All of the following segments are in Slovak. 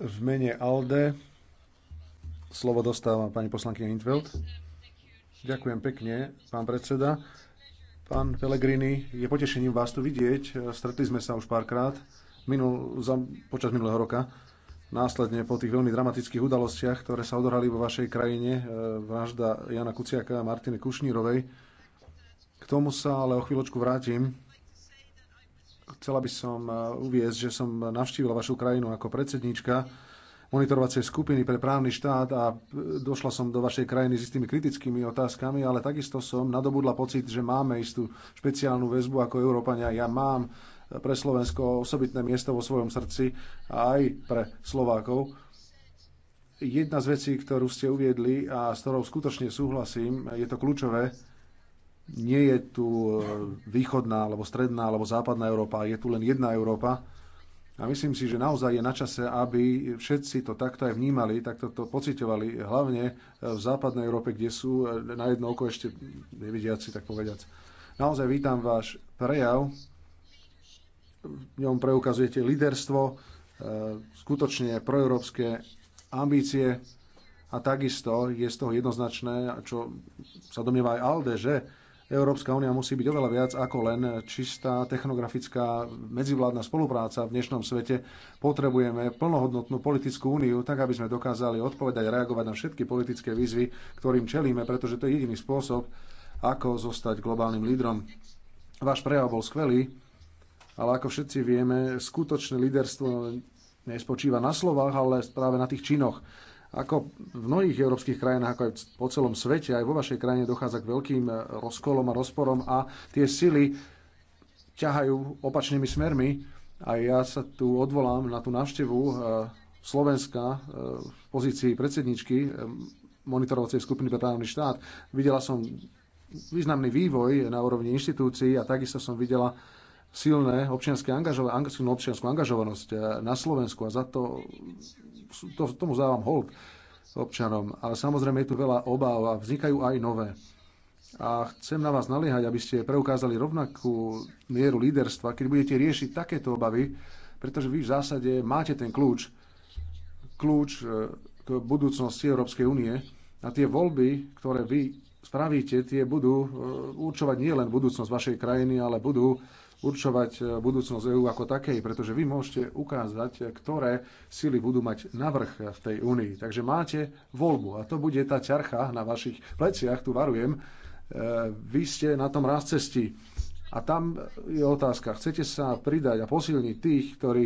V mene ALDE slovo dostávam pani poslankyňa Intveld. Ďakujem pekne, pán predseda. Pán Pellegrini, je potešením vás tu vidieť. Stretli sme sa už párkrát minul, za, počas minulého roka. Následne po tých veľmi dramatických udalostiach, ktoré sa odohrali vo vašej krajine, eh, vražda Jana Kuciaka a Martiny Kušnírovej. K tomu sa ale o chvíľočku vrátim. Chcela by som eh, uviezť, že som navštívila vašu krajinu ako predsedníčka monitorovacej skupiny pre právny štát a eh, došla som do vašej krajiny s istými kritickými otázkami, ale takisto som nadobudla pocit, že máme istú špeciálnu väzbu ako Európania. Ja mám eh, pre Slovensko osobitné miesto vo svojom srdci a aj pre Slovákov. Jedna z vecí, ktorú ste uviedli a s ktorou skutočne súhlasím, je to kľúčové, nie je tu e, východná, alebo stredná, alebo západná Európa, je tu len jedna Európa. A myslím si, že naozaj je na čase, aby všetci to takto aj vnímali, takto to pocitovali, hlavne e, v západnej Európe, kde sú e, na jedno oko ešte nevidiaci, tak povediac. Naozaj vítam váš prejav. V ňom preukazujete liderstvo, skutočne proeurópske ambície, a takisto je z toho jednoznačné, čo sa domnieva aj Alde, že Európska únia musí byť oveľa viac ako len čistá technografická medzivládna spolupráca v dnešnom svete. Potrebujeme plnohodnotnú politickú úniu, tak aby sme dokázali odpovedať a reagovať na všetky politické výzvy, ktorým čelíme, pretože to je jediný spôsob, ako zostať globálnym lídrom. Váš prejav bol skvelý, ale ako všetci vieme, skutočné líderstvo nespočíva na slovách, ale práve na tých činoch. Ako v mnohých európskych krajinách, ako aj po celom svete, aj vo vašej krajine dochádza k veľkým e, rozkolom a rozporom a tie sily ťahajú opačnými smermi. A ja sa tu odvolám na tú návštevu e, Slovenska e, v pozícii predsedničky monitorovacej skupiny pre právny štát. Videla som významný vývoj na úrovni inštitúcií a takisto som videla silné občianské angažovanosť, angažovanosť na Slovensku a za to to, tomu závam hold občanom. Ale samozrejme je tu veľa obáv a vznikajú aj nové. A chcem na vás naliehať, aby ste preukázali rovnakú mieru líderstva, keď budete riešiť takéto obavy, pretože vy v zásade máte ten kľúč, kľúč e, k budúcnosti Európskej únie a tie voľby, ktoré vy spravíte, tie budú e, určovať nielen budúcnosť vašej krajiny, ale budú určovať e, budúcnosť EÚ ako takej, pretože vy môžete ukázať, e, ktoré sily budú mať navrh v tej únii. Takže máte voľbu a to bude tá ťarcha na vašich pleciach, tu varujem. E, vy ste na tom raz cesti. A tam je otázka, chcete sa pridať a posilniť tých, ktorí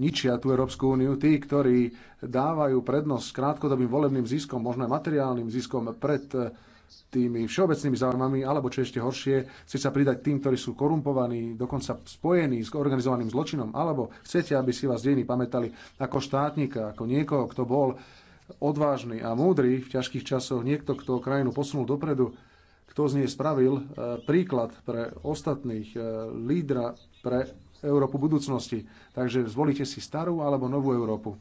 ničia tú Európsku úniu, tí, ktorí dávajú prednosť krátkodobým volebným ziskom, možno aj materiálnym ziskom pred tými všeobecnými záujmami, alebo čo ešte horšie, chce sa pridať tým, ktorí sú korumpovaní, dokonca spojení s organizovaným zločinom, alebo chcete, aby si vás dejiny pamätali ako štátnika, ako niekoho, kto bol odvážny a múdry v ťažkých časoch, niekto, kto krajinu posunul dopredu, kto z nej spravil e, príklad pre ostatných, e, lídra pre Európu budúcnosti. Takže zvolíte si starú alebo novú Európu.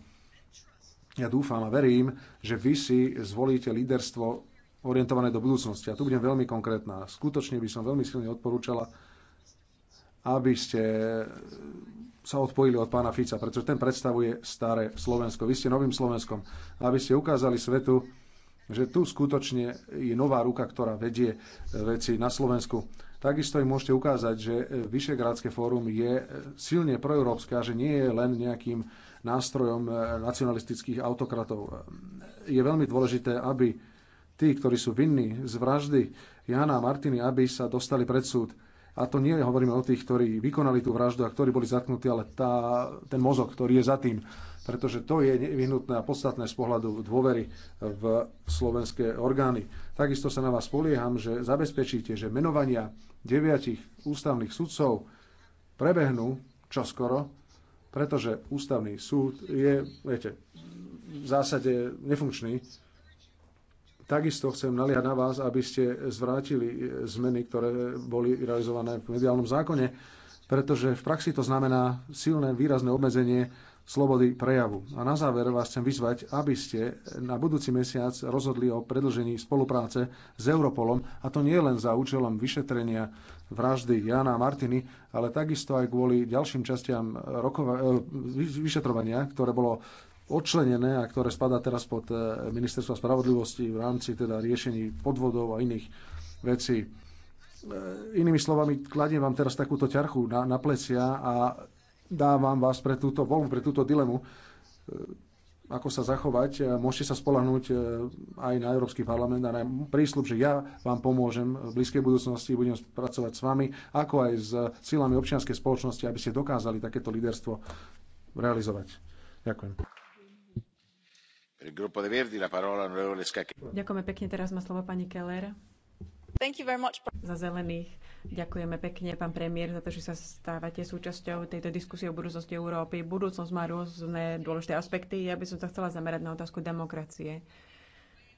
Ja dúfam a verím, že vy si zvolíte líderstvo orientované do budúcnosti. A tu budem veľmi konkrétna. Skutočne by som veľmi silne odporúčala, aby ste sa odpojili od pána Fica, pretože ten predstavuje staré Slovensko. Vy ste novým Slovenskom. Aby ste ukázali svetu, že tu skutočne je nová ruka, ktorá vedie veci na Slovensku. Takisto im môžete ukázať, že Vyšegrádske fórum je silne proeurópske a že nie je len nejakým nástrojom nacionalistických autokratov. Je veľmi dôležité, aby tí, ktorí sú vinní z vraždy Jana a Martiny, aby sa dostali pred súd. A to nie hovoríme o tých, ktorí vykonali tú vraždu a ktorí boli zatknutí, ale tá, ten mozog, ktorý je za tým. Pretože to je nevyhnutné a podstatné z pohľadu dôvery v slovenské orgány. Takisto sa na vás polieham, že zabezpečíte, že menovania deviatich ústavných sudcov prebehnú čoskoro, pretože ústavný súd je, viete, v zásade nefunkčný Takisto chcem naliať na vás, aby ste zvrátili e, zmeny, ktoré boli realizované v mediálnom zákone, pretože v praxi to znamená silné, výrazné obmedzenie slobody prejavu. A na záver vás chcem vyzvať, aby ste na budúci mesiac rozhodli o predlžení spolupráce s Europolom, a to nie len za účelom vyšetrenia vraždy Jana a Martiny, ale takisto aj kvôli ďalším častiam rokova- e, vyšetrovania, ktoré bolo odčlenené a ktoré spadá teraz pod e, Ministerstvo spravodlivosti v rámci teda riešení podvodov a iných vecí. E, inými slovami, kladiem vám teraz takúto ťarchu na, na plecia a dávam vás pre túto voľbu, pre túto dilemu, e, ako sa zachovať. Môžete sa spolahnúť aj na Európsky parlament a na prísľub, že ja vám pomôžem v blízkej budúcnosti, budem pracovať s vami, ako aj s silami občianskej spoločnosti, aby ste dokázali takéto líderstvo realizovať. Ďakujem. Ďakujeme pekne, teraz má slovo pani Keller. Za zelených. Ďakujeme pekne, pán premiér, za to, že sa stávate súčasťou tejto diskusie o budúcnosti Európy. Budúcnosť má rôzne dôležité aspekty. Ja by som sa chcela zamerať na otázku demokracie.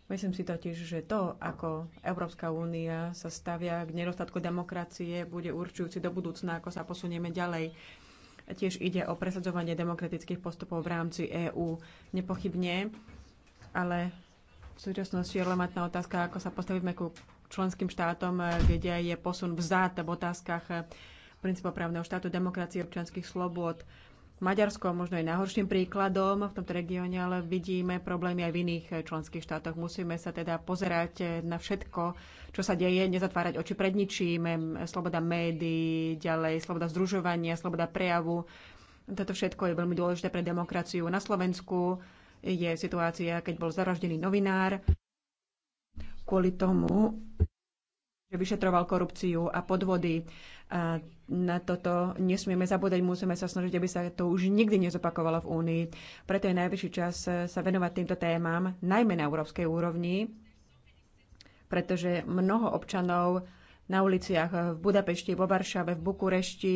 Myslím si totiž, že to, ako Európska únia sa stavia k nedostatku demokracie, bude určujúci do budúcna, ako sa posunieme ďalej. Tiež ide o presadzovanie demokratických postupov v rámci EÚ. Nepochybne, ale v súčasnosti je relevantná otázka, ako sa postavíme ku členským štátom, kde je posun vzad v otázkach princípov právneho štátu, demokracie, občianských slobôd. Maďarsko možno je najhorším príkladom v tomto regióne, ale vidíme problémy aj v iných eh, členských štátoch. Musíme sa teda pozerať eh, na všetko, čo sa deje, nezatvárať oči pred ničím, sloboda médií, ďalej sloboda združovania, sloboda prejavu. Toto všetko je veľmi dôležité pre demokraciu. Na Slovensku je situácia, keď bol zavraždený novinár kvôli tomu, že vyšetroval korupciu a podvody. A na toto nesmieme zabúdať, musíme sa snažiť, aby sa to už nikdy nezopakovalo v Únii. Preto je najvyšší čas e, sa venovať týmto témam, najmä na európskej úrovni, pretože mnoho občanov na uliciach v Budapešti, vo Varšave, v Bukurešti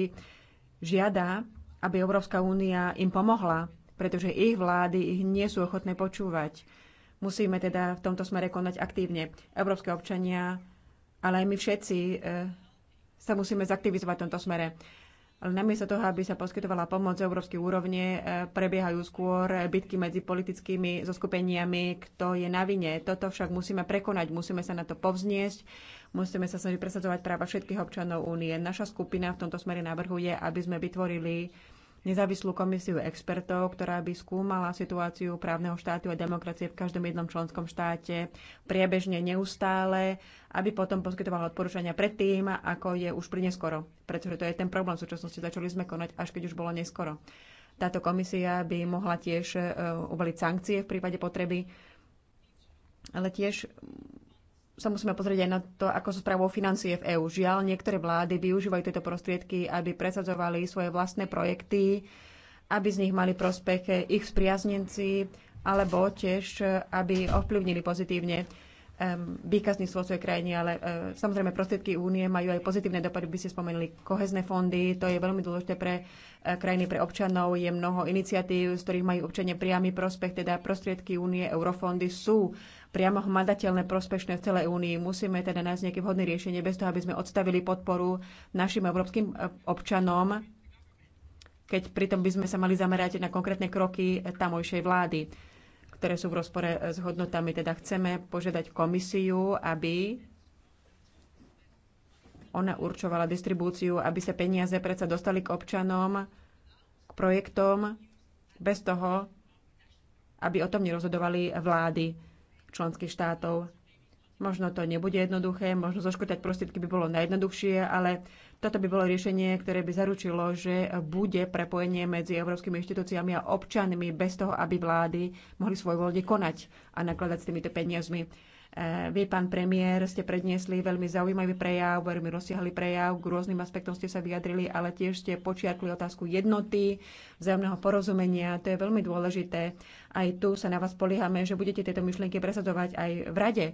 žiada, aby Európska únia im pomohla, pretože ich vlády ich nie sú ochotné počúvať. Musíme teda v tomto smere konať aktívne. Európske občania, ale aj my všetci e, sa musíme zaktivizovať v tomto smere. Ale namiesto toho, aby sa poskytovala pomoc európskej úrovne, e, prebiehajú skôr bitky medzi politickými zoskupeniami, kto je na vine. Toto však musíme prekonať, musíme sa na to povzniesť, musíme sa snažiť presadzovať práva všetkých občanov únie. Naša skupina v tomto smere navrhuje, aby sme vytvorili nezávislú komisiu expertov, ktorá by skúmala situáciu právneho štátu a demokracie v každom jednom členskom štáte priebežne, neustále, aby potom poskytovala odporúčania predtým, ako je už prineskoro. Pretože to je ten problém v súčasnosti. Začali sme konať, až keď už bolo neskoro. Táto komisia by mohla tiež eh, uvaliť sankcie v prípade potreby, ale tiež sa musíme pozrieť aj na to, ako sa správou financie v EÚ. Žiaľ, niektoré vlády využívajú tieto prostriedky, aby presadzovali svoje vlastné projekty, aby z nich mali prospech ich spriaznenci, alebo tiež, aby ovplyvnili pozitívne výkazníctvo svojej krajiny, ale e, samozrejme prostriedky únie majú aj pozitívne dopady, by ste spomenuli kohezné fondy, to je veľmi dôležité pre e, krajiny, pre občanov, je mnoho iniciatív, z ktorých majú občania priamy prospech, teda prostriedky únie, eurofondy sú priamo hmatateľné prospešné v celej únii. Musíme teda nájsť nejaké vhodné riešenie bez toho, aby sme odstavili podporu našim európskym e, občanom, keď pritom by sme sa mali zamerať na konkrétne kroky tamojšej vlády ktoré sú v rozpore s hodnotami. Teda chceme požiadať komisiu, aby ona určovala distribúciu, aby sa peniaze predsa dostali k občanom, k projektom, bez toho, aby o tom nerozhodovali vlády členských štátov. Možno to nebude jednoduché, možno zoškrtať prostriedky by bolo najjednoduchšie, ale toto by bolo riešenie, ktoré by zaručilo, že bude prepojenie medzi európskymi inštitúciami a občanmi bez toho, aby vlády mohli svoj voľne konať a nakladať s týmito peniazmi. E, vy, pán premiér, ste predniesli veľmi zaujímavý prejav, veľmi rozsiahly prejav, k rôznym aspektom ste sa vyjadrili, ale tiež ste počiarkli otázku jednoty, vzájomného porozumenia, to je veľmi dôležité. Aj tu sa na vás poliehame, že budete tieto myšlienky presadzovať aj v rade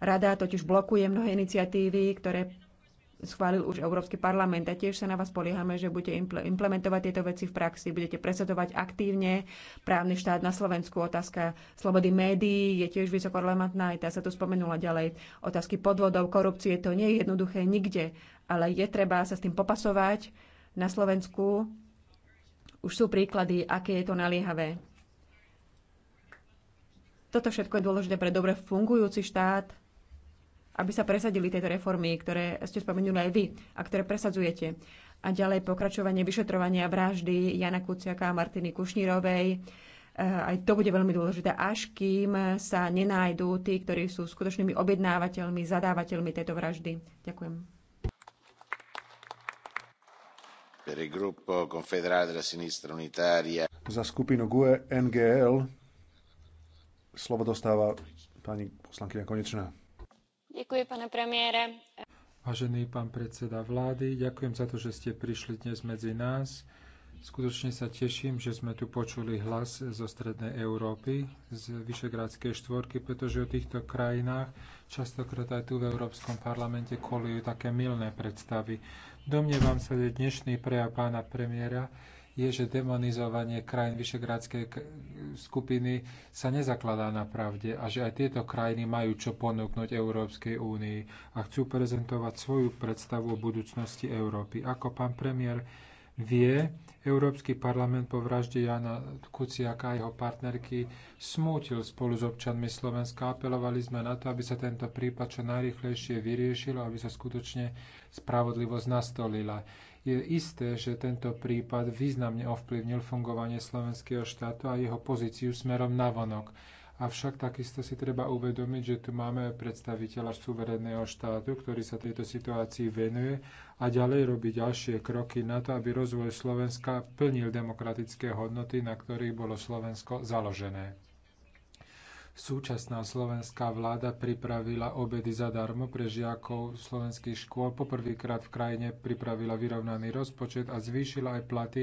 Rada totiž blokuje mnohé iniciatívy, ktoré schválil už Európsky parlament a tiež sa na vás poliehame, že budete implementovať tieto veci v praxi, budete presadovať aktívne právny štát na Slovensku. Otázka slobody médií je tiež vysoko relevantná, aj tá sa tu spomenula ďalej. Otázky podvodov, korupcie, to nie je jednoduché nikde, ale je treba sa s tým popasovať. Na Slovensku už sú príklady, aké je to naliehavé. Toto všetko je dôležité pre dobre fungujúci štát, aby sa presadili tieto reformy, ktoré ste spomenuli aj vy a ktoré presadzujete. A ďalej pokračovanie vyšetrovania vraždy Jana Kuciaka a Martiny Kušnírovej. E, aj to bude veľmi dôležité, až kým sa nenájdú tí, ktorí sú skutočnými objednávateľmi, zadávateľmi tejto vraždy. Ďakujem. Za skupinu GUE NGL slovo dostáva pani poslankyňa Konečná. Ďakujem, pane premiére. Vážený pán predseda vlády, ďakujem za to, že ste prišli dnes medzi nás. Skutočne sa teším, že sme tu počuli hlas zo Strednej Európy, z Vyšegrádskej štvorky, pretože o týchto krajinách častokrát aj tu v Európskom parlamente kolujú také milné predstavy. Domnievam sa, že dnešný prejav pána premiéra je, že demonizovanie krajín Vyšegrádskej skupiny sa nezakladá na pravde a že aj tieto krajiny majú čo ponúknuť Európskej únii a chcú prezentovať svoju predstavu o budúcnosti Európy. Ako pán premiér vie, Európsky parlament po vražde Jana Kuciaka a jeho partnerky smútil spolu s občanmi Slovenska. Apelovali sme na to, aby sa tento prípad čo najrychlejšie vyriešil, aby sa skutočne spravodlivosť nastolila je isté, že tento prípad významne ovplyvnil fungovanie slovenského štátu a jeho pozíciu smerom navonok. Avšak takisto si treba uvedomiť, že tu máme predstaviteľa suverénneho štátu, ktorý sa tejto situácii venuje a ďalej robí ďalšie kroky na to, aby rozvoj Slovenska plnil demokratické hodnoty, na ktorých bolo Slovensko založené. Súčasná slovenská vláda pripravila obedy zadarmo pre žiakov slovenských škôl. Poprvýkrát v krajine pripravila vyrovnaný rozpočet a zvýšila aj platy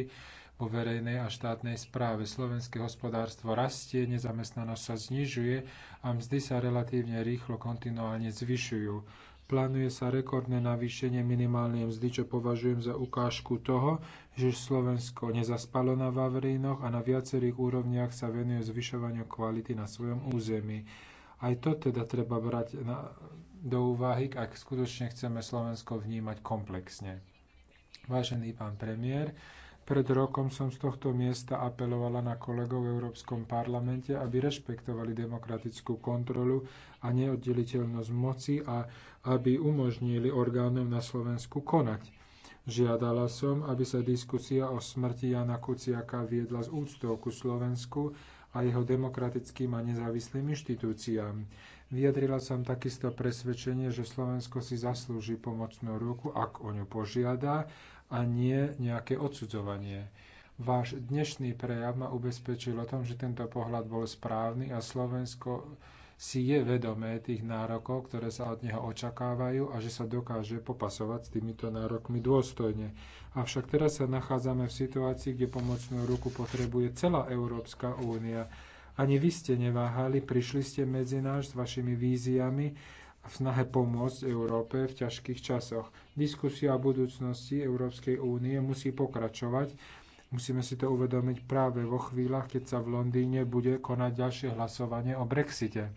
vo verejnej a štátnej správe. Slovenské hospodárstvo rastie, nezamestnanosť sa znižuje a mzdy sa relatívne rýchlo kontinuálne zvyšujú Plánuje sa rekordné navýšenie minimálnej mzdy, čo považujem za ukážku toho, že Slovensko nezaspalo na Vavrínoch a na viacerých úrovniach sa venuje zvyšovaniu kvality na svojom území. Aj to teda treba brať na, do úvahy, ak skutočne chceme Slovensko vnímať komplexne. Vážený pán premiér, pred rokom som z tohto miesta apelovala na kolegov v Európskom parlamente, aby rešpektovali demokratickú kontrolu a neoddeliteľnosť moci a aby umožnili orgánom na Slovensku konať. Žiadala som, aby sa diskusia o smrti Jana Kuciaka viedla s úctou ku Slovensku a jeho demokratickým a nezávislým inštitúciám. Vyjadrila som takisto presvedčenie, že Slovensko si zaslúži pomocnú ruku, ak o ňu požiada, a nie nejaké odsudzovanie. Váš dnešný prejav ma ubezpečil o tom, že tento pohľad bol správny a Slovensko si je vedomé tých nárokov, ktoré sa od neho očakávajú a že sa dokáže popasovať s týmito nárokmi dôstojne. Avšak teraz sa nachádzame v situácii, kde pomocnú ruku potrebuje celá Európska únia. Ani vy ste neváhali, prišli ste medzi nás s vašimi víziami v snahe pomôcť Európe v ťažkých časoch. Diskusia o budúcnosti Európskej únie musí pokračovať. Musíme si to uvedomiť práve vo chvíľach, keď sa v Londýne bude konať ďalšie hlasovanie o Brexite.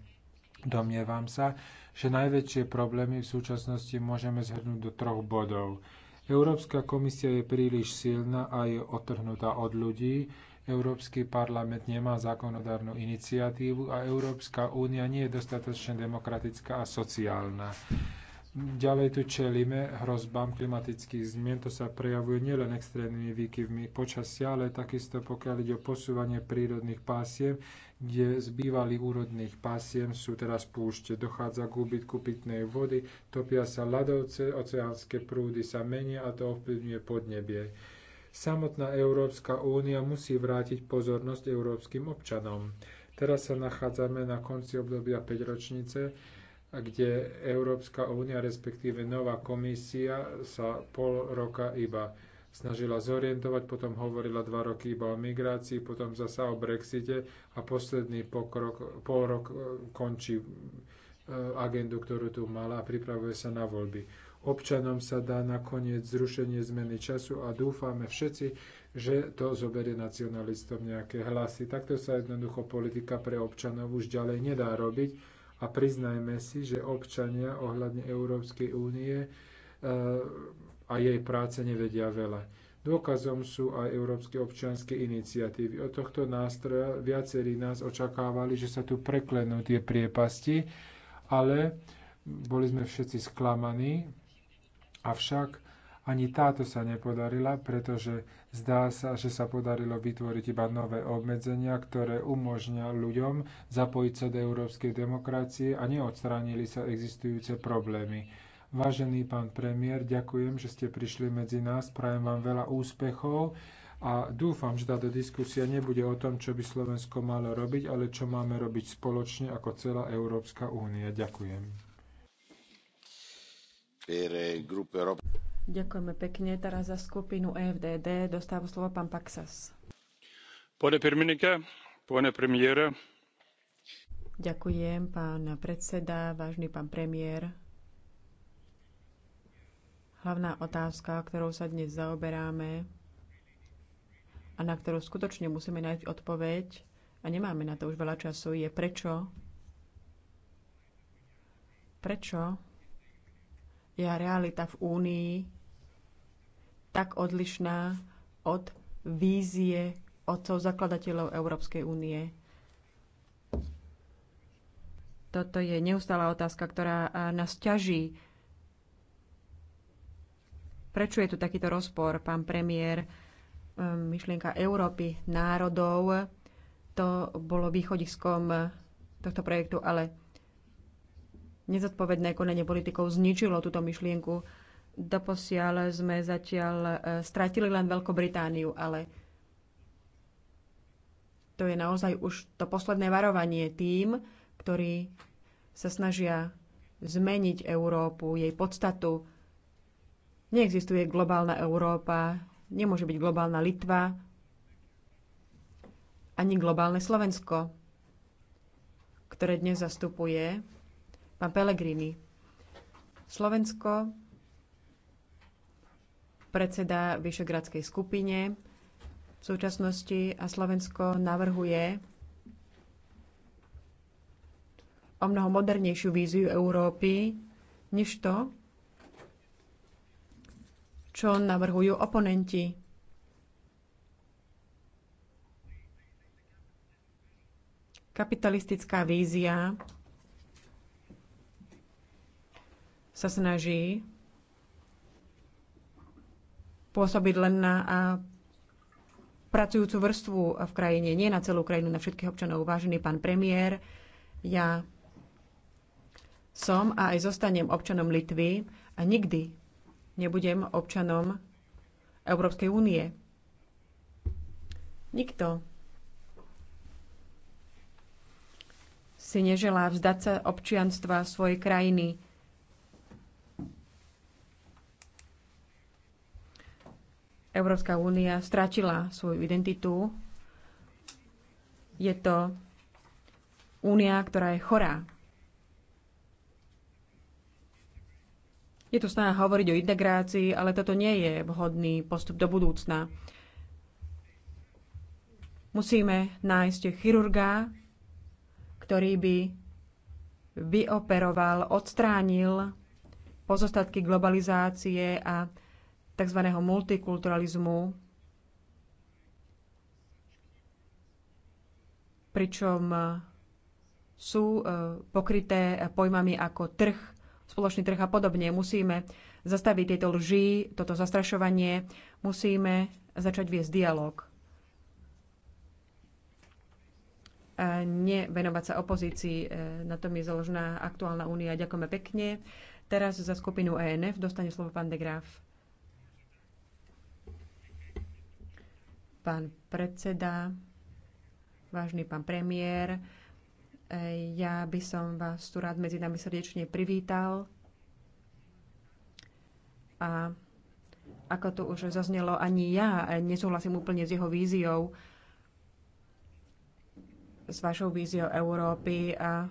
Domnievam sa, že najväčšie problémy v súčasnosti môžeme zhrnúť do troch bodov. Európska komisia je príliš silná a je otrhnutá od ľudí, Európsky parlament nemá zákonodárnu iniciatívu a Európska únia nie je dostatočne demokratická a sociálna. Ďalej tu čelíme hrozbám klimatických zmien. To sa prejavuje nielen extrémnymi výkyvmi počasia, ale takisto pokiaľ ide o posúvanie prírodných pásiem, kde z bývalých úrodných pasiem sú teraz púšte. Dochádza k úbytku pitnej vody, topia sa ľadovce, oceánske prúdy sa menia a to ovplyvňuje podnebie. Samotná Európska únia musí vrátiť pozornosť európskym občanom. Teraz sa nachádzame na konci obdobia 5 ročnice, kde Európska únia, respektíve nová komisia, sa pol roka iba snažila zorientovať, potom hovorila dva roky iba o migrácii, potom zasa o Brexite a posledný pokrok, pol rok e, končí e, agendu, ktorú tu mala a pripravuje sa na voľby. Občanom sa dá nakoniec zrušenie zmeny času a dúfame všetci, že to zoberie nacionalistom nejaké hlasy. Takto sa jednoducho politika pre občanov už ďalej nedá robiť a priznajme si, že občania ohľadne Európskej únie e, a jej práce nevedia veľa. Dôkazom sú aj európske občianske iniciatívy. Od tohto nástroja viacerí nás očakávali, že sa tu preklenú tie priepasti, ale boli sme všetci sklamaní, avšak ani táto sa nepodarila, pretože zdá sa, že sa podarilo vytvoriť iba nové obmedzenia, ktoré umožňa ľuďom zapojiť sa do európskej demokracie a neodstránili sa existujúce problémy. Vážený pán premiér, ďakujem, že ste prišli medzi nás. Prajem vám veľa úspechov a dúfam, že táto diskusia nebude o tom, čo by Slovensko malo robiť, ale čo máme robiť spoločne ako celá Európska únia. Ďakujem. Ďakujeme pekne. Teraz za skupinu EFDD dostáva slovo pán Paksas. Pane premiére, pane premiére. Ďakujem, pán predseda, vážny pán premiér, Hlavná otázka, ktorou sa dnes zaoberáme a na ktorú skutočne musíme nájsť odpoveď, a nemáme na to už veľa času, je prečo prečo je realita v Únii tak odlišná od vízie otcov zakladateľov Európskej únie. Toto je neustála otázka, ktorá nás ťaží Prečo je tu takýto rozpor, pán premiér? Um, myšlienka Európy národov, to bolo východiskom tohto projektu, ale nezodpovedné konanie politikov zničilo túto myšlienku. Doposiaľ sme zatiaľ e, stratili len Veľkú Britániu, ale to je naozaj už to posledné varovanie tým, ktorí sa snažia zmeniť Európu, jej podstatu, Neexistuje globálna Európa, nemôže byť globálna Litva, ani globálne Slovensko, ktoré dnes zastupuje pán Pelegrini. Slovensko predseda Vyšegradskej skupine v súčasnosti a Slovensko navrhuje o mnoho modernejšiu víziu Európy, než to, čo navrhujú oponenti. Kapitalistická vízia sa snaží pôsobiť len na pracujúcu vrstvu v krajine, nie na celú krajinu, na všetkých občanov. Vážený pán premiér, ja som a aj zostanem občanom Litvy a nikdy nebudem občanom Európskej únie. Nikto si neželá vzdať sa občianstva svojej krajiny. Európska únia stratila svoju identitu. Je to únia, ktorá je chorá. Je tu snaha hovoriť o integrácii, ale toto nie je vhodný postup do budúcna. Musíme nájsť chirurga, ktorý by vyoperoval, odstránil pozostatky globalizácie a tzv. multikulturalizmu, pričom sú eh, pokryté pojmami ako trh, spoločný trh a podobne. Musíme zastaviť tieto lži, toto zastrašovanie. Musíme začať viesť dialog. A nevenovať sa opozícii. E, na tom je založená aktuálna únia. Ďakujeme pekne. Teraz za skupinu ENF dostane slovo pán de Pán predseda, vážny pán premiér, ja by som vás tu rád medzi nami srdečne privítal. A ako to už zaznelo, ani ja nesúhlasím úplne s jeho víziou, s vašou víziou Európy. A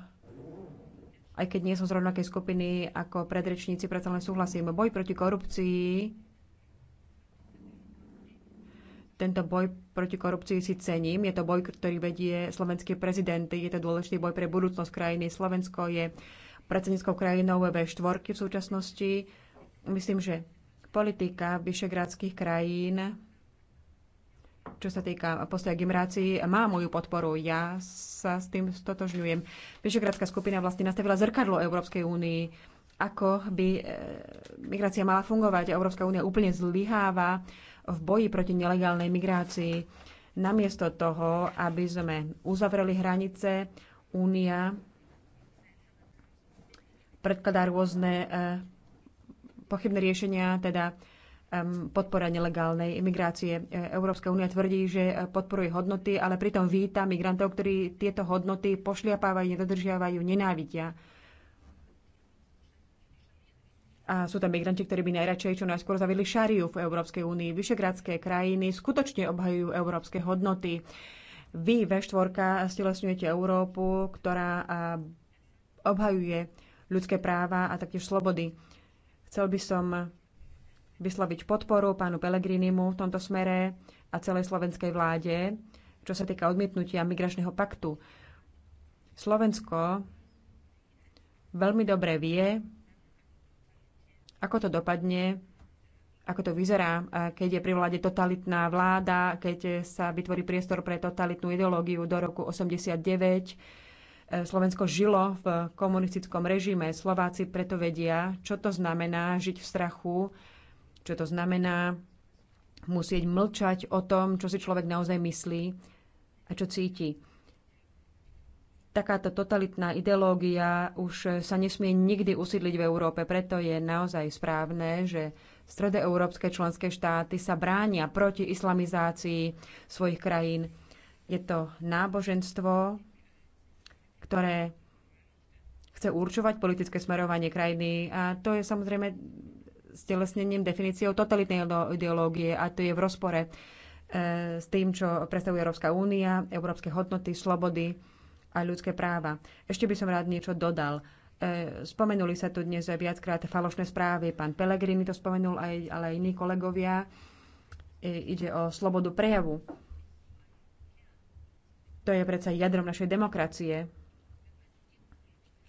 aj keď nie som z rovnakej skupiny ako predrečníci, predsa len súhlasím. Boj proti korupcii tento boj proti korupcii si cením. Je to boj, ktorý vedie slovenský prezident. Je to dôležitý boj pre budúcnosť krajiny. Slovensko je predsedníckou krajinou V4 v súčasnosti. Myslím, že politika vyšegrádských krajín, čo sa týka postoja k má moju podporu. Ja sa s tým stotožňujem. Vyšegrádska skupina vlastne nastavila zrkadlo Európskej únii ako by eh, migrácia mala fungovať. Európska únia úplne zlyháva v boji proti nelegálnej migrácii. Namiesto toho, aby sme uzavreli hranice, Únia predkladá rôzne eh, pochybné riešenia, teda podpora nelegálnej imigrácie. Eh, Európska únia tvrdí, že eh, podporuje hodnoty, ale pritom víta migrantov, ktorí tieto hodnoty pošliapávajú, nedodržiavajú, nenávidia. A sú tam migranti, ktorí by najradšej čo najskôr zavili šariu v Európskej únii. Vyšegradské krajiny skutočne obhajujú európske hodnoty. Vy, V4, stelesňujete Európu, ktorá obhajuje ľudské práva a taktiež slobody. Chcel by som vysloviť podporu pánu Pelegrinimu v tomto smere a celej slovenskej vláde, čo sa týka odmietnutia migračného paktu. Slovensko veľmi dobre vie, ako to dopadne, ako to vyzerá, keď je pri vláde totalitná vláda, keď sa vytvorí priestor pre totalitnú ideológiu do roku 89. Slovensko žilo v komunistickom režime. Slováci preto vedia, čo to znamená žiť v strachu, čo to znamená musieť mlčať o tom, čo si človek naozaj myslí a čo cíti. Takáto totalitná ideológia už sa nesmie nikdy usídliť v Európe, preto je naozaj správne, že stredoeurópske členské štáty sa bránia proti islamizácii svojich krajín. Je to náboženstvo, ktoré chce určovať politické smerovanie krajiny a to je samozrejme stelesnením definíciou totalitnej ideológie a to je v rozpore eh, s tým, čo predstavuje Európska únia, európske hodnoty, slobody a ľudské práva. Ešte by som rád niečo dodal. E, spomenuli sa tu dnes viackrát falošné správy. Pán Pelegrini to spomenul, aj, ale aj iní kolegovia. E, ide o slobodu prejavu. To je predsa jadrom našej demokracie.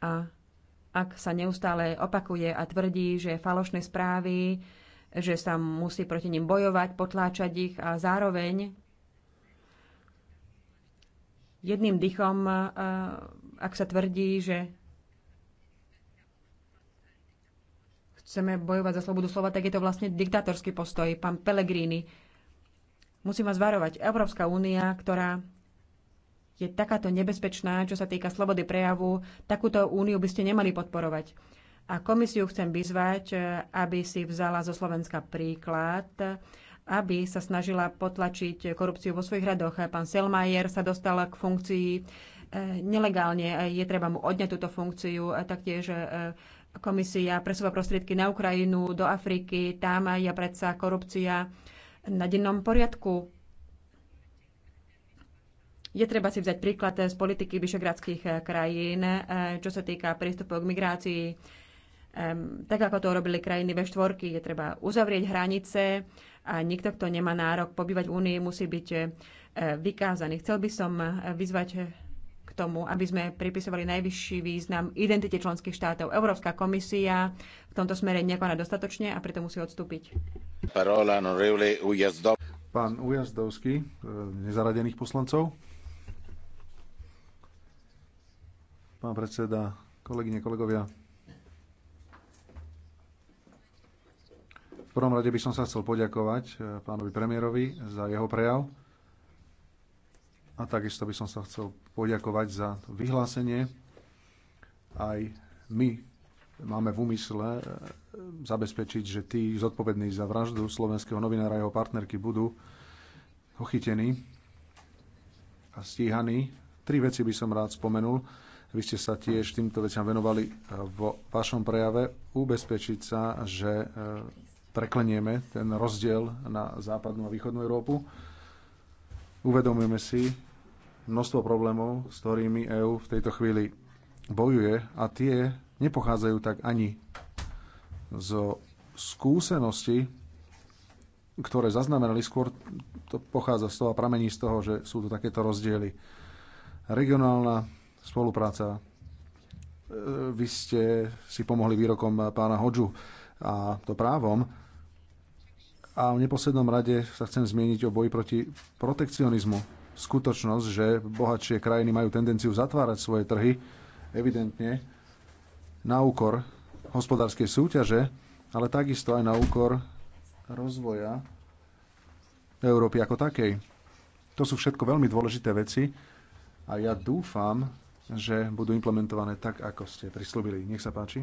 A ak sa neustále opakuje a tvrdí, že falošné správy, že sa musí proti nim bojovať, potláčať ich a zároveň jedným dychom, e, ak sa tvrdí, že chceme bojovať za slobodu slova, tak je to vlastne diktátorský postoj. Pán Pellegrini, musím vás varovať, Európska únia, ktorá je takáto nebezpečná, čo sa týka slobody prejavu, takúto úniu by ste nemali podporovať. A komisiu chcem vyzvať, e, aby si vzala zo Slovenska príklad aby sa snažila potlačiť korupciu vo svojich radoch. Pán Selmajer sa dostal k funkcii e, nelegálne, e, je treba mu odňať túto funkciu, taktiež e, komisia presúva prostriedky na Ukrajinu, do Afriky, tam je predsa korupcia na dennom poriadku. Je treba si vzať príklad z politiky vyšegradských krajín, čo sa týka prístupu k migrácii. Tak ako to robili krajiny ve štvorky, je treba uzavrieť hranice, a nikto, kto nemá nárok pobývať v Únii, musí byť e, vykázaný. Chcel by som e, vyzvať e, k tomu, aby sme pripisovali najvyšší význam identite členských štátov. Európska komisia v tomto smere nekoná dostatočne a preto musí odstúpiť. Parola, no ujazdov. Pán Ujazdovský, nezaradených poslancov. Pán predseda, kolegyne, kolegovia, V prvom rade by som sa chcel poďakovať e, pánovi premiérovi za jeho prejav. A takisto by som sa chcel poďakovať za vyhlásenie. Aj my máme v úmysle e, zabezpečiť, že tí zodpovední za vraždu slovenského novinára a jeho partnerky budú ochytení a stíhaní. Tri veci by som rád spomenul. Vy ste sa tiež týmto veciam venovali e, vo vašom prejave. Ubezpečiť sa, že preklenieme ten rozdiel na západnú a východnú Európu. Uvedomujeme si množstvo problémov, s ktorými EÚ v tejto chvíli bojuje a tie nepochádzajú tak ani zo skúsenosti, ktoré zaznamenali, skôr to pochádza z toho a pramení z toho, že sú tu takéto rozdiely. Regionálna spolupráca. E, vy ste si pomohli výrokom pána Hodžu a to právom. A v neposlednom rade sa chcem zmieniť o boji proti protekcionizmu. Skutočnosť, že bohatšie krajiny majú tendenciu zatvárať svoje trhy, evidentne na úkor hospodárskej súťaže, ale takisto aj na úkor rozvoja Európy ako takej. To sú všetko veľmi dôležité veci a ja dúfam, že budú implementované tak, ako ste prislúbili. Nech sa páči.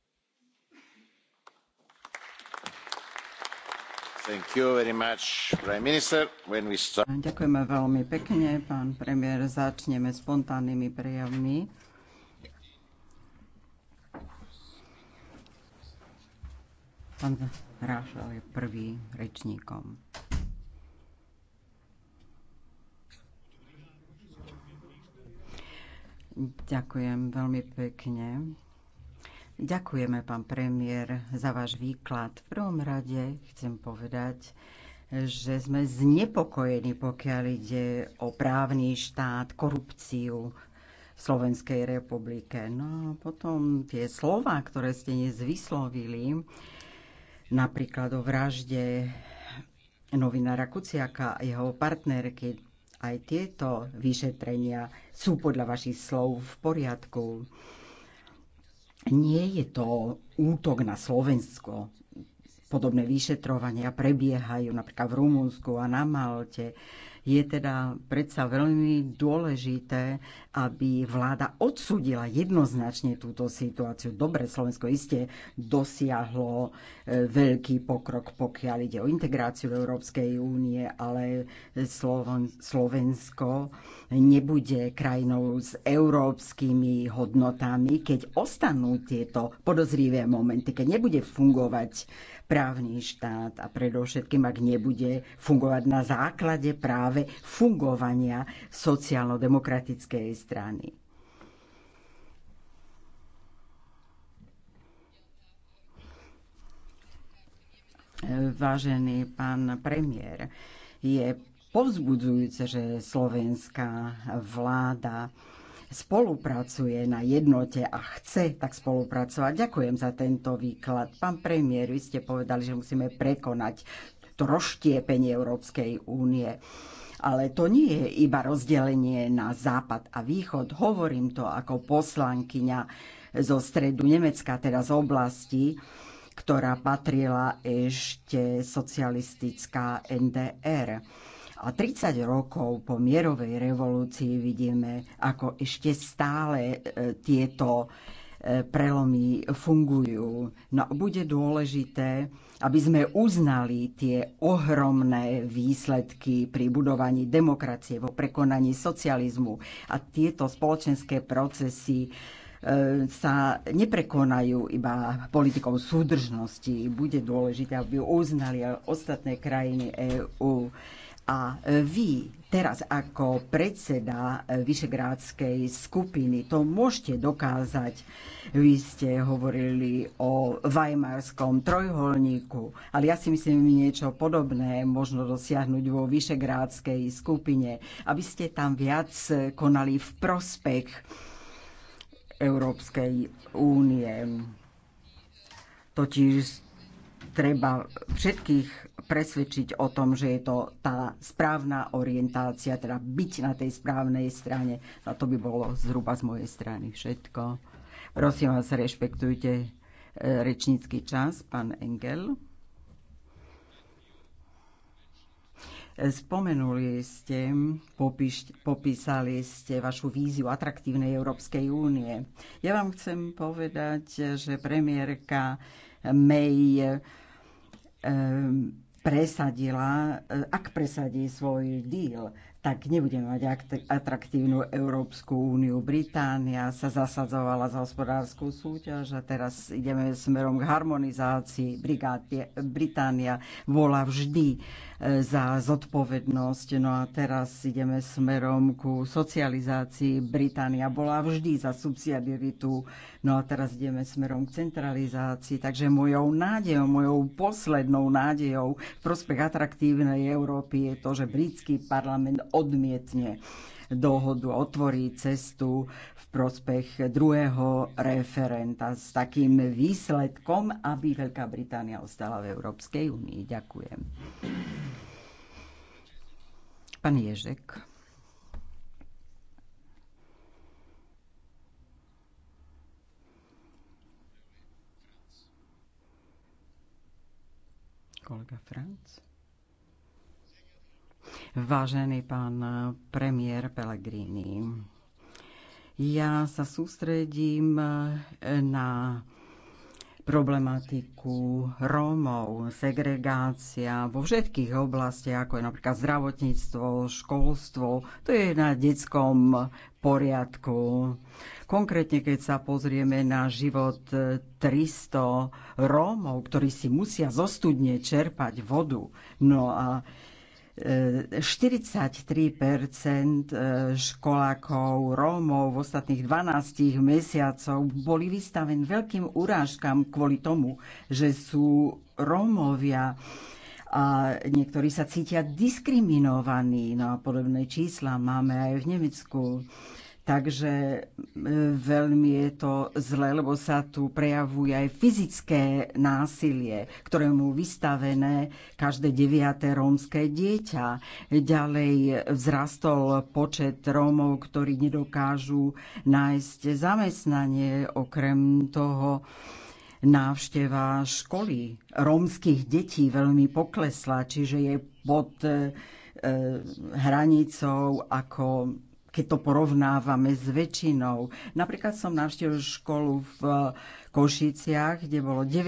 Ďakujeme veľmi pekne, pán premiér. Začneme spontánnymi prejavmi. Pán Rášel je prvý rečníkom. Ďakujem veľmi pekne. Ďakujeme, pán premiér, za váš výklad. V prvom rade chcem povedať, že sme znepokojení, pokiaľ ide o právny štát, korupciu v Slovenskej republike. No a potom tie slova, ktoré ste dnes vyslovili, napríklad o vražde novinára Kuciaka a jeho partnerky, aj tieto vyšetrenia sú podľa vašich slov v poriadku. Nie je to útok na Slovensko. Podobné vyšetrovania prebiehajú napríklad v Rumunsku a na Malte. Je teda predsa veľmi dôležité, aby vláda odsudila jednoznačne túto situáciu. Dobre, Slovensko iste dosiahlo e, veľký pokrok, pokiaľ ide o integráciu Európskej únie, ale Slovensko nebude krajinou s európskymi hodnotami, keď ostanú tieto podozrivé momenty, keď nebude fungovať právny štát a predovšetkým, ak nebude fungovať na základe práve fungovania sociálno-demokratickej strany. Vážený pán premiér, je povzbudzujúce, že slovenská vláda spolupracuje na jednote a chce tak spolupracovať. Ďakujem za tento výklad. Pán premiér, vy ste povedali, že musíme prekonať to roštiepenie Európskej únie. Ale to nie je iba rozdelenie na západ a východ. Hovorím to ako poslankyňa zo stredu Nemecka, teda z oblasti, ktorá patrila ešte socialistická NDR. A 30 rokov po mierovej revolúcii vidíme, ako ešte stále e, tieto e, prelomy fungujú. No bude dôležité, aby sme uznali tie ohromné výsledky pri budovaní demokracie, vo prekonaní socializmu a tieto spoločenské procesy e, sa neprekonajú iba politikou súdržnosti. Bude dôležité, aby uznali ostatné krajiny EÚ. A e, vy teraz ako predseda e, Vyšegrádskej skupiny to môžete dokázať. Vy ste hovorili o Weimarskom trojholníku, ale ja si myslím niečo podobné možno dosiahnuť vo Vyšegrádskej skupine, aby ste tam viac e, konali v prospech Európskej únie. Totiž treba všetkých presvedčiť o tom, že je to tá správna orientácia, teda byť na tej správnej strane. A to by bolo zhruba z mojej strany všetko. Prosím vás, rešpektujte e, rečnícky čas, pán Engel. Spomenuli ste, popiš, popísali ste vašu víziu atraktívnej Európskej únie. Ja vám chcem povedať, že premiérka May um, presadila, e, ak presadí svoj díl, tak nebudeme mať atraktívnu Európsku úniu. Británia sa zasadzovala za hospodárskú súťaž a teraz ideme smerom k harmonizácii. Británia volá vždy za zodpovednosť. No a teraz ideme smerom ku socializácii. Británia bola vždy za subsidiaritu. No a teraz ideme smerom k centralizácii. Takže mojou nádejou, mojou poslednou nádejou v prospech atraktívnej Európy je to, že britský parlament odmietne dohodu, otvorí cestu v prospech druhého referenta s takým výsledkom, aby Veľká Británia ostala v Európskej únii. Ďakujem. Pán Ježek. kolega Franc. Vážený pán premiér Pellegrini, ja sa sústredím e, na problematiku Rómov, segregácia vo všetkých oblastiach, ako je napríklad zdravotníctvo, školstvo. To je na detskom poriadku. Konkrétne, keď sa pozrieme na život 300 e, Rómov, ktorí si musia zostudne čerpať vodu. No a 43 e, e, školákov, Rómov v ostatných 12 mesiacoch boli vystavení veľkým urážkam kvôli tomu, že sú Rómovia a niektorí sa cítia diskriminovaní. No a podobné čísla máme aj v Nemecku. Takže e, veľmi je to zlé, lebo sa tu prejavuje aj fyzické násilie, ktorému vystavené každé deviaté rómske dieťa. Ďalej vzrastol počet Rómov, ktorí nedokážu nájsť zamestnanie. Okrem toho návšteva školy rómskych detí veľmi poklesla, čiže je pod e, e, hranicou ako keď to porovnávame s väčšinou. Napríklad som navštívil školu v Košiciach, kde bolo 90 e,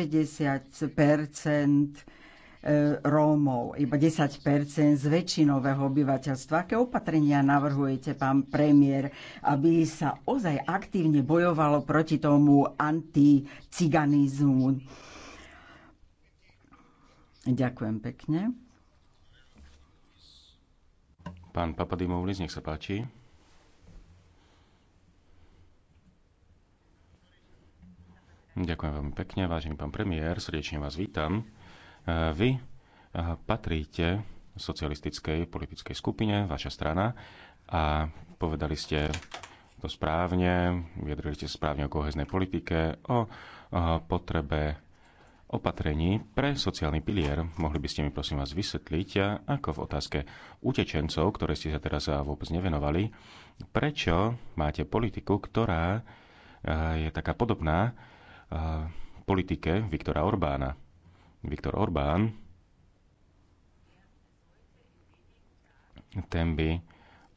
Rómov, iba 10 z väčšinového obyvateľstva. Aké opatrenia navrhujete, pán premiér, aby sa ozaj aktívne bojovalo proti tomu anticiganizmu? Ďakujem pekne. Pán Papadimovlis, nech sa páči. Ďakujem veľmi pekne, vážený pán premiér, srdečne vás vítam. E, vy e, patríte socialistickej politickej skupine, vaša strana, a povedali ste to správne, vyjadrili ste správne o koheznej politike, o, potrebe opatrení pre sociálny pilier. Mohli by ste mi prosím vás vysvetliť, ako v otázke utečencov, ktoré ste sa teraz vôbec nevenovali, prečo máte politiku, ktorá e, je taká podobná politike Viktora Orbána. Viktor Orbán ten by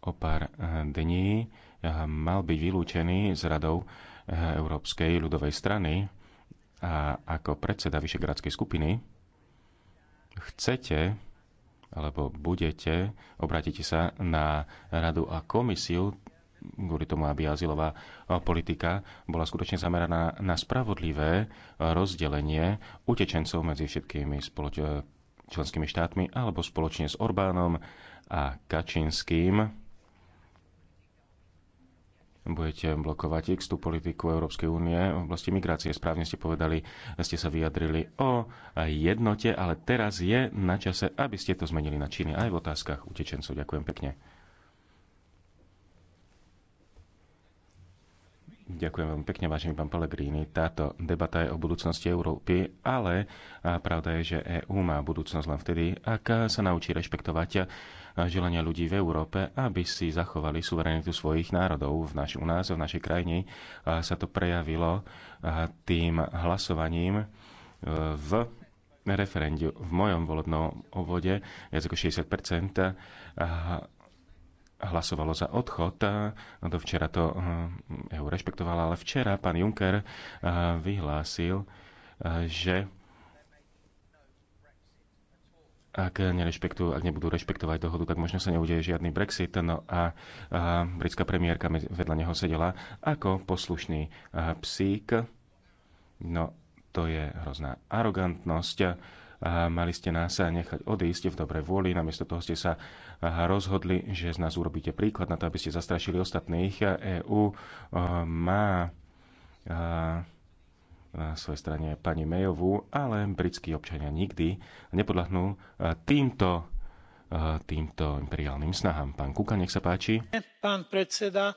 o pár e, dní e, mal byť vylúčený z radou e, Európskej ľudovej strany a ako predseda Vyšegradskej skupiny chcete alebo budete, obrátiť sa na radu a komisiu kvôli tomu, aby azylová e, politika bola skutočne zameraná na spravodlivé e, rozdelenie utečencov medzi všetkými spoloč- e, členskými štátmi alebo spoločne s Orbánom a Kačinským. Budete blokovať x tú politiku Európskej únie v oblasti migrácie. Správne ste povedali, ste sa vyjadrili o jednote, ale teraz je na čase, aby ste to zmenili na činy aj v otázkach utečencov. Ďakujem pekne. Ďakujem veľmi pekne, vážený pán Pellegrini. Táto debata je o budúcnosti Európy, ale pravda je, že EÚ má budúcnosť len vtedy, ak sa naučí rešpektovať želania ľudí v Európe, aby si zachovali suverenitu svojich národov. V naš, u nás, v našej krajine sa to prejavilo tým hlasovaním e, v referendiu. V mojom volebnom obvode viac ako 60 hlasovalo za odchod. Do včera to eh, EU rešpektovala, ale včera pán Juncker eh, vyhlásil, eh, že ak, ak nebudú rešpektovať dohodu, tak možno sa neudeje žiadny Brexit. No a, a britská premiérka vedľa neho sedela ako poslušný psík. No to je hrozná arogantnosť mali ste nás nechať odísť v dobrej vôli, namiesto toho ste sa rozhodli, že z nás urobíte príklad na to, aby ste zastrašili ostatných. EÚ má na svojej strane pani Mayovú, ale britskí občania nikdy nepodľahnú týmto, týmto imperiálnym snahám. Pán Kuka, nech sa páči. Pán predseda,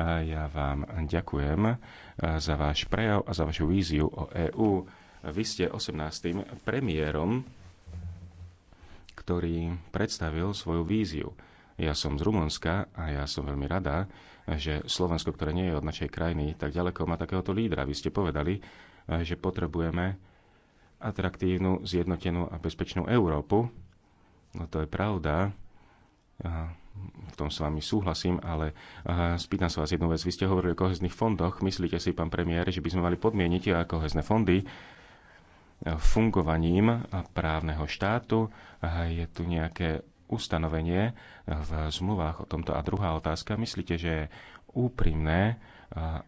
Ja vám ďakujem e, za váš prejav a za vašu víziu o EÚ. Vy ste 18. premiérom, ktorý predstavil svoju víziu. Ja som z Rumunska a ja som veľmi rada, že Slovensko, ktoré nie je od našej krajiny tak ďaleko, má takéhoto lídra. Vy ste povedali, e, že potrebujeme atraktívnu, zjednotenú a bezpečnú Európu. No to je pravda v tom s vami súhlasím, ale spýtam sa vás jednu vec. Vy ste hovorili o kohezných fondoch. Myslíte si, pán premiér, že by sme mali podmieniť aj kohezné fondy fungovaním právneho štátu? Je tu nejaké ustanovenie v zmluvách o tomto? A druhá otázka, myslíte, že je úprimné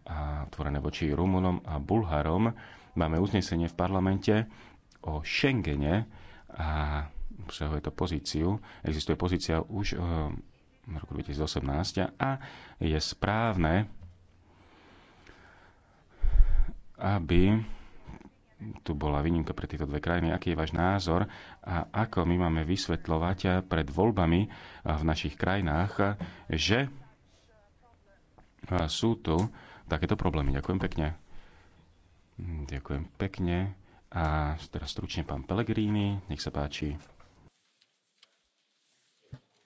a tvorené voči Rumunom a Bulharom. Máme uznesenie v parlamente o Schengene a obsahuje to pozíciu, existuje pozícia už eh, v roku 2018 a je správne, aby tu bola výnimka pre tieto dve krajiny. Aký je váš názor a ako my máme vysvetľovať pred voľbami eh, v našich krajinách, že eh, sú tu takéto problémy. Ďakujem pekne. Ďakujem pekne. A teraz stručne pán Pellegrini, nech sa páči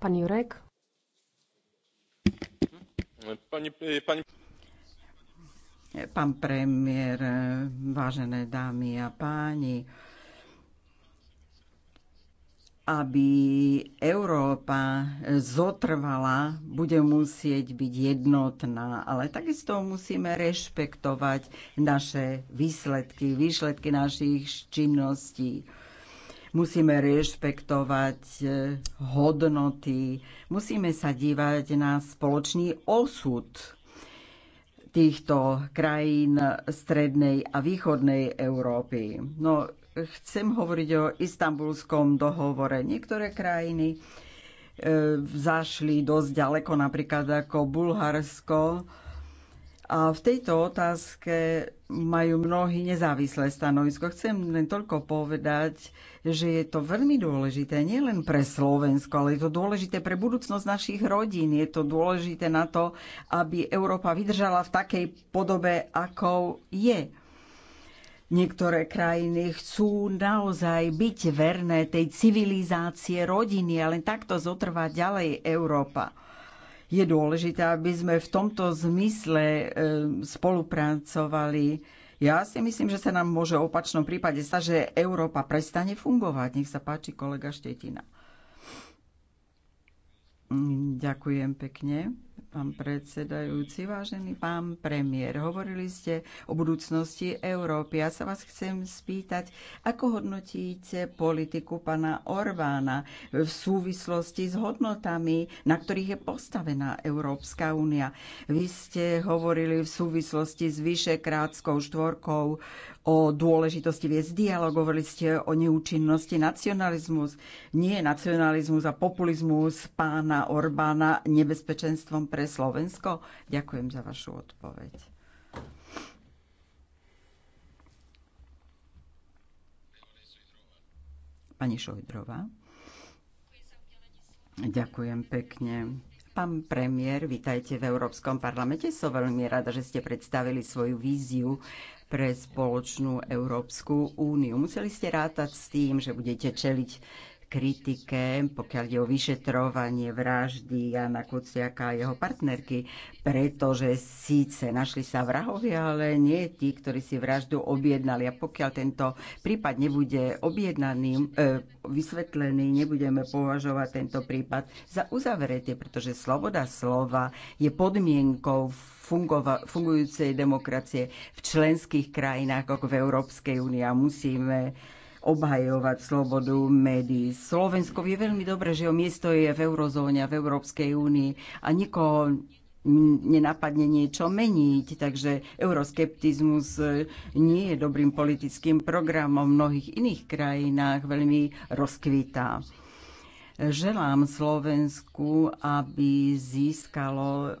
Pán Jurek. Pani, eh, pani... Eh, pán premiér, eh, vážené dámy a páni, aby Európa zotrvala, bude musieť byť jednotná, ale takisto musíme rešpektovať naše výsledky, výsledky našich činností. Musíme rešpektovať e, hodnoty, musíme sa dívať na spoločný osud týchto krajín strednej a východnej Európy. No, chcem hovoriť o istambulskom dohovore. Niektoré krajiny e, zašli dosť ďaleko, napríklad ako Bulharsko, e, a v tejto otázke majú mnohí nezávislé stanovisko. Chcem len toľko povedať, že je to veľmi dôležité nielen pre Slovensko, ale je to dôležité pre budúcnosť našich rodín. Je to dôležité na to, aby Európa vydržala v takej podobe, ako je. Niektoré krajiny chcú naozaj byť verné tej civilizácie rodiny, ale takto zotrvá ďalej Európa. Je dôležité, aby sme v tomto zmysle e, spolupracovali. Ja si myslím, že sa nám môže v opačnom prípade stať, že Európa prestane fungovať. Nech sa páči, kolega Štetina. Hm, ďakujem pekne pán predsedajúci, vážený pán premiér. Hovorili ste o budúcnosti Európy. Ja sa vás chcem spýtať, ako hodnotíte politiku pána Orbána v súvislosti s hodnotami, na ktorých je postavená Európska únia. Vy ste hovorili v súvislosti s vyšekrátskou štvorkou o dôležitosti viesť dialog, hovorili ste o neúčinnosti nacionalizmus. Nie nacionalizmus a populizmus pána Orbána nebezpečenstvom pre Slovensko? Ďakujem za vašu odpoveď. Pani Šojdrová. Ďakujem pekne. Pán premiér, vítajte v Európskom parlamente. Som veľmi rada, že ste predstavili svoju víziu pre spoločnú Európsku úniu. Museli ste rátať s tým, že budete čeliť kritike, pokiaľ je o vyšetrovanie vraždy Jana Kuciaka a jeho partnerky, pretože síce našli sa vrahovia, ale nie tí, ktorí si vraždu objednali. A pokiaľ tento prípad nebude objednaný, e, vysvetlený, nebudeme považovať tento prípad za uzavretie, pretože sloboda slova je podmienkou fungova- fungujúcej demokracie v členských krajinách ako v Európskej únii a musíme obhajovať slobodu médií. Slovensko vie veľmi dobre, že jeho miesto je v eurozóne a v Európskej únii a nikoho nenapadne niečo meniť. Takže euroskeptizmus e, nie je dobrým politickým programom v mnohých iných krajinách, veľmi rozkvitá. Želám Slovensku, aby získalo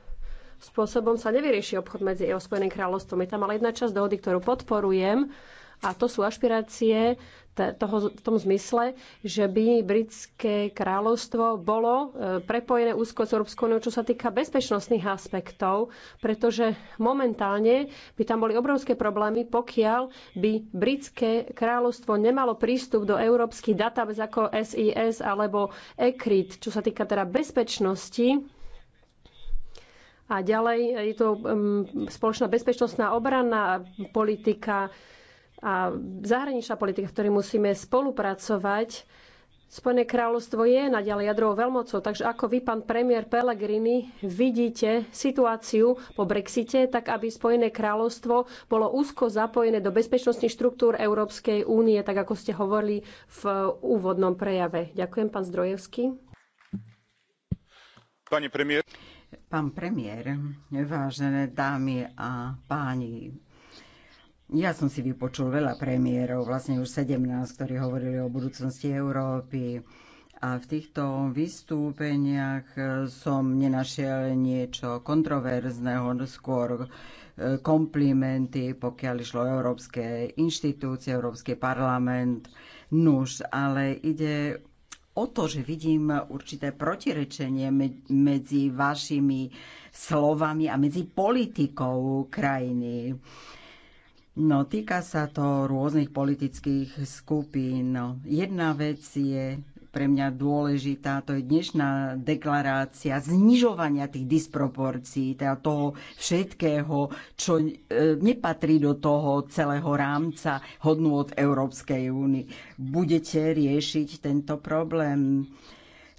spôsobom sa nevyrieši obchod medzi EU a Spojeným kráľovstvom. Je tam ale jedna časť dohody, ktorú podporujem, a to sú ašpirácie toho, v tom zmysle, že by britské kráľovstvo bolo e, prepojené úzko s Európskou úniou, čo sa týka bezpečnostných aspektov, pretože momentálne by tam boli obrovské problémy, pokiaľ by britské kráľovstvo nemalo prístup do európskych databáz ako SIS alebo ECRIT, čo sa týka teda bezpečnosti a ďalej je to mm, spoločná bezpečnostná obranná politika a zahraničná politika, v ktorej musíme spolupracovať. Spojené kráľovstvo je naďalej jadrovou veľmocou, takže ako vy, pán premiér Pellegrini, vidíte situáciu po Brexite, tak aby Spojené kráľovstvo bolo úzko zapojené do bezpečnostných štruktúr Európskej únie, tak ako ste hovorili v úvodnom prejave. Ďakujem, pán Zdrojevský. Pane premiér. Pán premiér, vážené dámy a páni, ja som si vypočul veľa premiérov, vlastne už 17, ktorí hovorili o budúcnosti Európy. A v týchto vystúpeniach som nenašiel niečo kontroverzného, skôr e, komplimenty, pokiaľ išlo európske inštitúcie, Európsky parlament. Nuž, ale ide o to, že vidím určité protirečenie medzi vašimi slovami a medzi politikou krajiny. No, týka sa to rôznych politických skupín. No, jedna vec je pre mňa dôležitá, to je dnešná deklarácia znižovania tých disproporcií, teda toho všetkého, čo e, nepatrí do toho celého rámca hodnú od Európskej únie. Budete riešiť tento problém?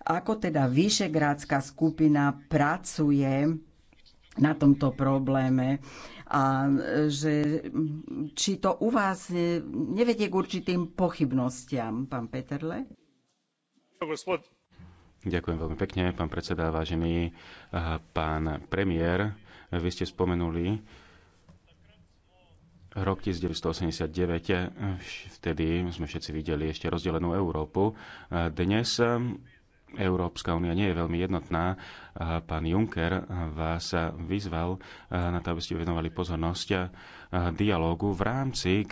Ako teda Vyšegrádska skupina pracuje na tomto probléme? a že či to u vás e, nevedie k určitým pochybnostiam, pán Peterle? Ďakujem veľmi pekne, pán predseda, vážený eh, pán premiér. Vy ste spomenuli rok 1989, eh, vtedy sme všetci videli ešte rozdelenú Európu. Eh, dnes Európska únia nie je veľmi jednotná. Pán Juncker vás vyzval na to, aby ste venovali pozornosť dialógu v rámci